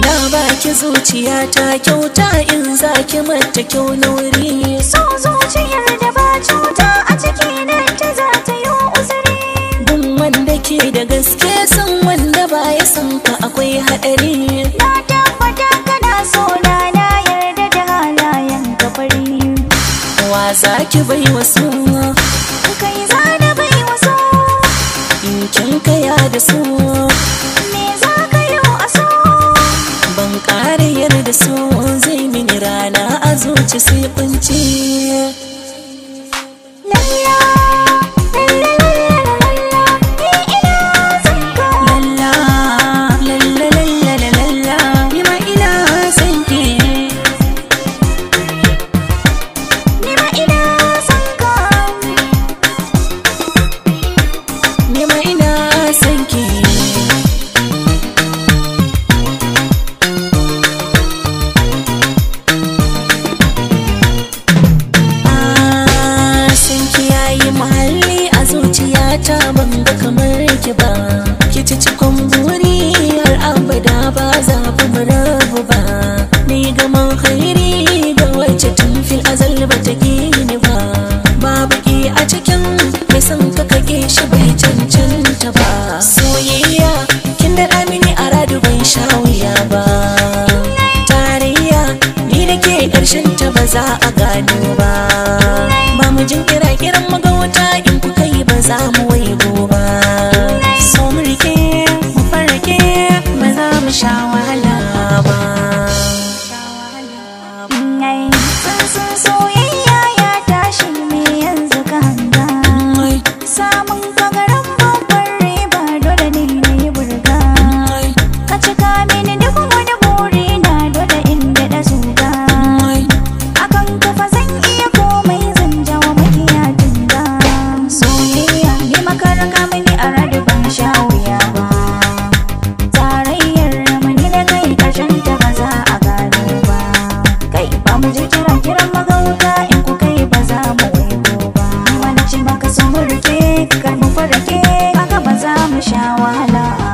Na baki zuciya ta kyauta in zaki mata kyau na So zuciyar da ba cuta a ciki nan ta za ta yi uzuri Dun wanda ke da gaske san wanda ba ya san ka akwai haɗari Na tabbata kana so na na yarda da halayen ka Wa zaki bai wa suna jikin kaya da su me za ka yi a so ban ƙara yarda su zai mini rana a zuci sai kunci ki ba ki ci cikon buri har abada ba za ku rabu ba ni man khairi ga wacce tun fil azal ba ta gini ba Ba baki a cikin mai san ka kake shi bai cancanta ba soyayya kin da mini a radu ban sha wuya ba tarayya ni da ke ƙarshen ta ba za a gano ba mu sha wahala ba. Sun sun Ana wahala